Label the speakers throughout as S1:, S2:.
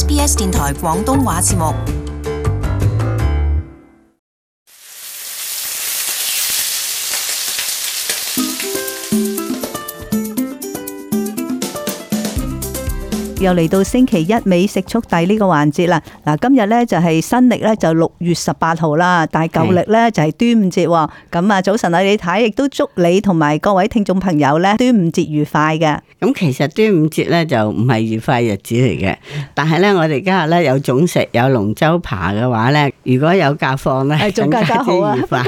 S1: SBS 電台廣東話節目。又嚟到星期一美食速遞呢個環節啦！嗱，今日咧就係新曆咧就六月十八號啦，但係舊曆咧就係端午節。咁啊是，早晨啊，你睇，亦都祝你同埋各位聽眾朋友咧端午
S2: 節愉快嘅。咁其實端午節咧就唔係愉快日子嚟嘅，但係咧我哋今日咧有粽食，有龍舟扒嘅話咧，如果有假放咧是更加之愉快。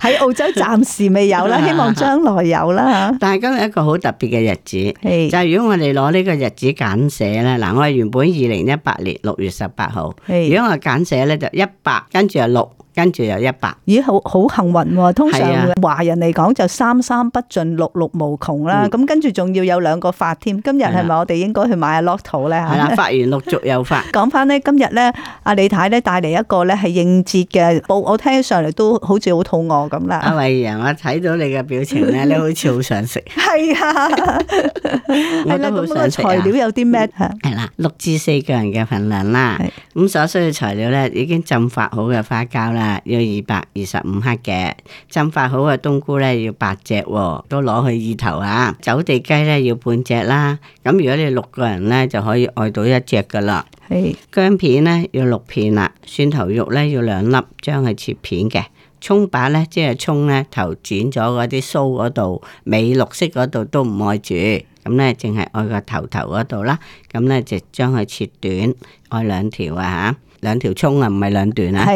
S2: 喺澳洲暫時
S1: 未有啦，希望
S2: 將來有啦吓。但係今日一個好特別嘅日子，是就係如果我哋攞呢個日子揀寫，啦，我係原本二零一八年六月十八號，是的如果我簡寫咧就一百，跟住係六。跟住有一百，咦好
S1: 好幸運喎！通常華人嚟講就三三不盡，六六無窮啦。咁跟住仲要有兩個發添，今日係咪我哋應該去買阿 Lotto 咧？係啦，發完陸
S2: 續又發。
S1: 講返咧，今日咧，阿李太咧帶嚟一個咧係應節嘅報，我聽起上嚟都好
S2: 似好肚餓咁啦。阿慧楊，我睇到你嘅表情咧，你好似好想食。
S1: 係啊，係啦，咁個材料有啲咩？係
S2: 啦，六至四個人嘅份量啦。咁所需嘅材料咧，已經浸發好嘅花膠啦。啊，要二百二十五克嘅，浸發好嘅冬菇咧要八隻，都攞去意頭啊。走地雞咧要半隻啦，咁如果你六個人咧就可以愛到一隻噶啦。係姜是片咧要六片啦，蒜頭肉咧要兩粒，將佢切片嘅。蔥白咧即係蔥咧頭剪咗嗰啲鬚嗰度，尾綠色嗰度都唔愛住。咁咧，淨係愛個頭頭嗰度啦，咁咧就將佢切短，愛兩條啊吓，兩條蔥啊，唔係兩段啊，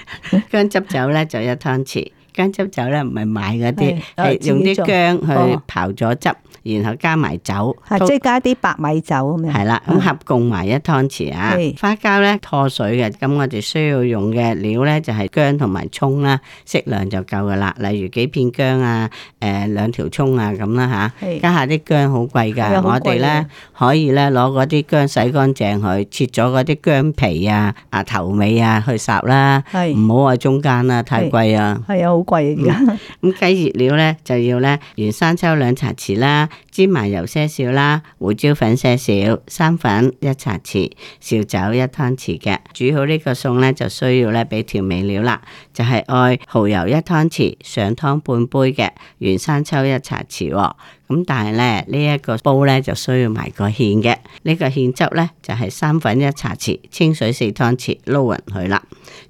S2: 薑汁酒咧就一湯匙。薑汁酒咧唔係買嗰啲，係用啲薑去刨咗汁，然後加埋酒。係即係加啲白米酒咁樣。係啦，咁合共埋一湯匙啊！花膠咧拖水嘅，咁我哋需要用嘅料咧就係薑同埋葱啦，適量就夠噶啦。例如幾片薑啊，誒兩條葱啊咁啦嚇。係。家下啲薑好貴㗎，我哋咧可以咧攞嗰啲薑洗乾淨佢，切咗嗰啲薑皮啊、啊頭尾啊去霎啦，唔好話中間啦，太貴啊。係啊！好。
S1: 貴
S2: 嘅，咁雞熱料呢就要呢原生抽兩茶匙啦，芝麻油些少啦，胡椒粉些少，生粉一茶匙，紹酒一湯匙嘅。煮好個呢個餸咧就需要呢俾調味料啦，就係愛蠔油一湯匙，上湯半杯嘅，原生抽一茶匙，哦。咁但係咧呢一，這個煲咧就需要埋個芡嘅，呢、這個芡汁咧就係三分一茶匙，清水四湯匙撈勻佢啦。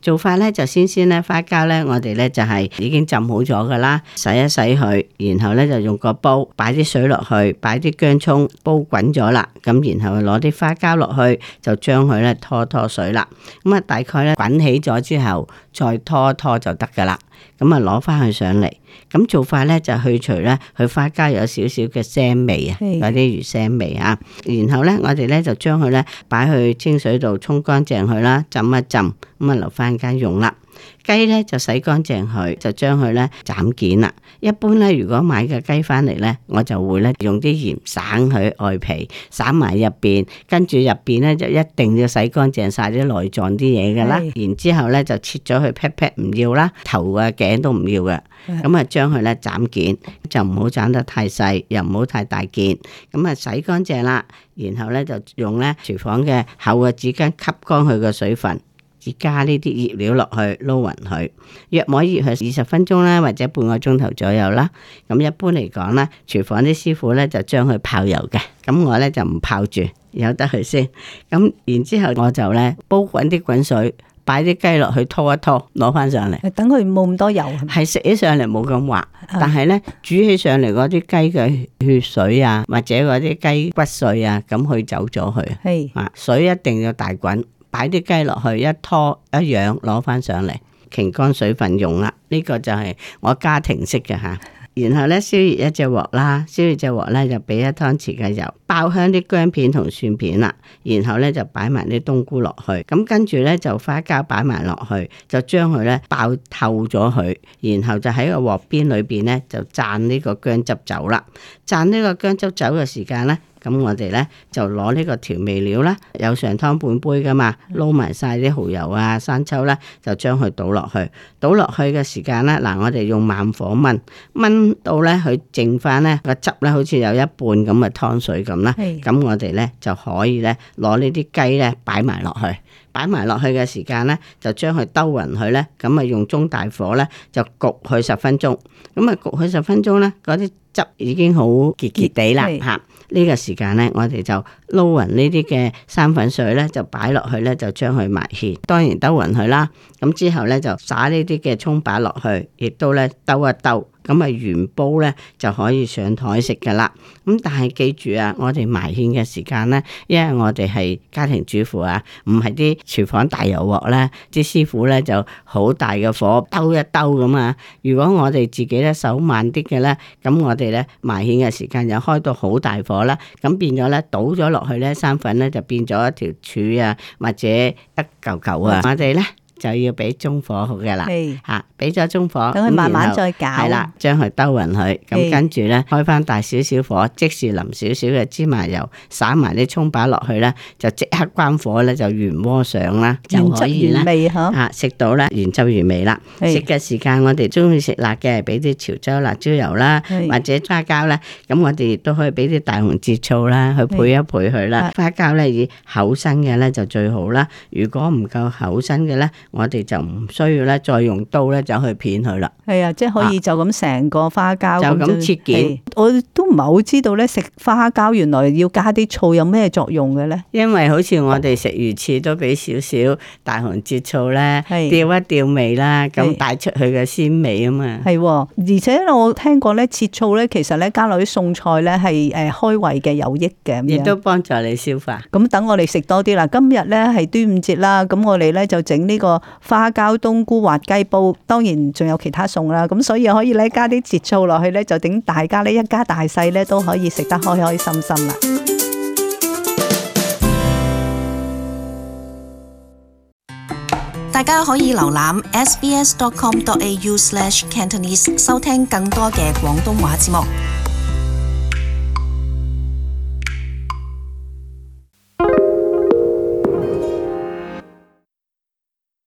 S2: 做法咧就先先咧花膠咧，我哋咧就係已經浸好咗噶啦，洗一洗佢，然後咧就用個煲，擺啲水落去，擺啲薑蔥，煲滾咗啦，咁然後攞啲花膠落去，就將佢咧拖拖水啦。咁、嗯、啊大概咧滾起咗之後，再拖拖就得噶啦。咁啊，攞翻佢上嚟，咁做法咧就去除咧佢花膠有少少嘅腥味啊，有啲是魚腥味啊，然後咧我哋咧就將佢咧擺去清水度沖乾淨佢啦，浸一浸，咁啊留翻一間用啦。雞咧就洗乾淨佢，就將佢咧斬件啦。一般咧，如果買嘅雞翻嚟咧，我就會咧用啲鹽散佢外皮，散埋入邊，跟住入邊咧就一定要洗乾淨晒啲內臟啲嘢噶啦。的然之後咧就切咗佢劈劈唔要啦，頭啊頸都唔要嘅。咁啊的將佢咧斬件，就唔好斬得太細，又唔好太大件。咁啊洗乾淨啦，然後咧就用咧廚房嘅厚嘅紙巾吸乾佢嘅水分。加呢啲醃料落去撈勻佢，約摸醃佢二十分鐘啦，或者半個鐘頭左右啦。咁一般嚟講呢，廚房啲師傅呢就將佢泡油嘅。咁我呢就唔泡住，由得佢先。咁然之後我就呢煲滾啲滾水，擺啲雞落去拖一拖，攞翻上嚟。等佢冇咁多油，係食起上嚟冇咁滑，是但係呢煮起上嚟嗰啲雞嘅血水啊，或者嗰啲雞骨碎啊，咁佢走咗去係啊，是水一定要大滾。擺啲雞落去，一拖一樣攞翻上嚟，擎乾水分用、用啦！呢個就係我家庭式嘅嚇。然後咧，燒熱一隻鑊啦，燒熱隻鑊咧就俾一湯匙嘅油，爆香啲薑片同蒜片啦。然後咧就擺埋啲冬菇落去，咁跟住咧就花膠擺埋落去，就將佢咧爆透咗佢。然後就喺個鑊邊裏邊咧就攢呢個薑汁酒啦。攢呢個薑汁酒嘅時間咧。咁我哋咧就攞呢個調味料啦，有上湯半杯噶嘛，撈埋晒啲蠔油啊、生抽啦，就將佢倒落去。倒落去嘅時間咧，嗱我哋用慢火炆，炆到咧佢剩翻咧個汁咧，好似有一半咁嘅湯水咁啦。咁是我哋咧就可以咧攞呢啲雞咧擺埋落去，擺埋落去嘅時間咧就將佢兜匀佢咧，咁啊用中大火咧就焗佢十分鐘。咁啊焗佢十分鐘咧啲。汁已經好杰杰地啦，吓呢是個時間呢，我哋就撈勻呢啲嘅生粉水呢就擺落去呢就將佢埋芡，當然兜勻佢啦。咁之後呢，就灑呢啲嘅蔥擺落去，亦都呢兜一兜。咁啊，原煲咧，就可以上台食噶啦。咁但係記住啊，我哋埋芡嘅時間咧，因為我哋係家庭主婦啊，唔係啲廚房大油鑊咧、啊，啲師傅咧就好大嘅火兜一兜咁啊。如果我哋自己咧手慢啲嘅咧，咁我哋咧埋芡嘅時間又開到好大火啦。咁變咗咧，倒咗落去咧，生粉咧就變咗一條柱啊，或者一嚿嚿啊。我哋咧。就要俾中火好嘅啦，嚇俾咗中火，佢慢慢再攪，係啦，將佢兜勻佢，咁是跟住咧開翻大少少火，即時淋少少嘅芝麻油，撒埋啲葱花落去咧，就即刻關火咧，就原鍋上啦，就可以原味好，嚇食到啦，原汁原味啦。食嘅時間我哋中意食辣嘅，俾啲潮州辣椒油啦，是或者花椒啦，咁我哋亦都可以俾啲大紅浙醋啦去配一配佢啦。是是花膠咧以厚身嘅咧就最好啦，如果唔夠厚身嘅咧。我哋就唔需要咧，再用刀咧就去片佢啦。係
S1: 啊，即係可以就咁成個花膠、啊、就咁切件。我都唔係好知道咧，食花膠原來要加啲醋有咩作用嘅咧？
S2: 因為好似我哋食魚翅都俾少少大紅浙醋咧，吊是一吊味啦，咁帶出去嘅鮮味啊嘛。
S1: 係、啊，而且我聽過咧，浙醋咧，其實咧加落啲餸菜咧，係誒開胃嘅有益嘅，亦都幫助你消化。咁等我哋食多啲啦。今日咧係端午節啦，咁我哋咧就整呢、這個。花膠冬菇滑雞煲，當然仲有其他餸啦。咁所以可以咧加啲節奏落去咧，就等大家呢一家大細咧都可以食得開開心心啦。大家可以瀏覽 sbs.com.au/cantonese 收聽更多嘅廣東話節目。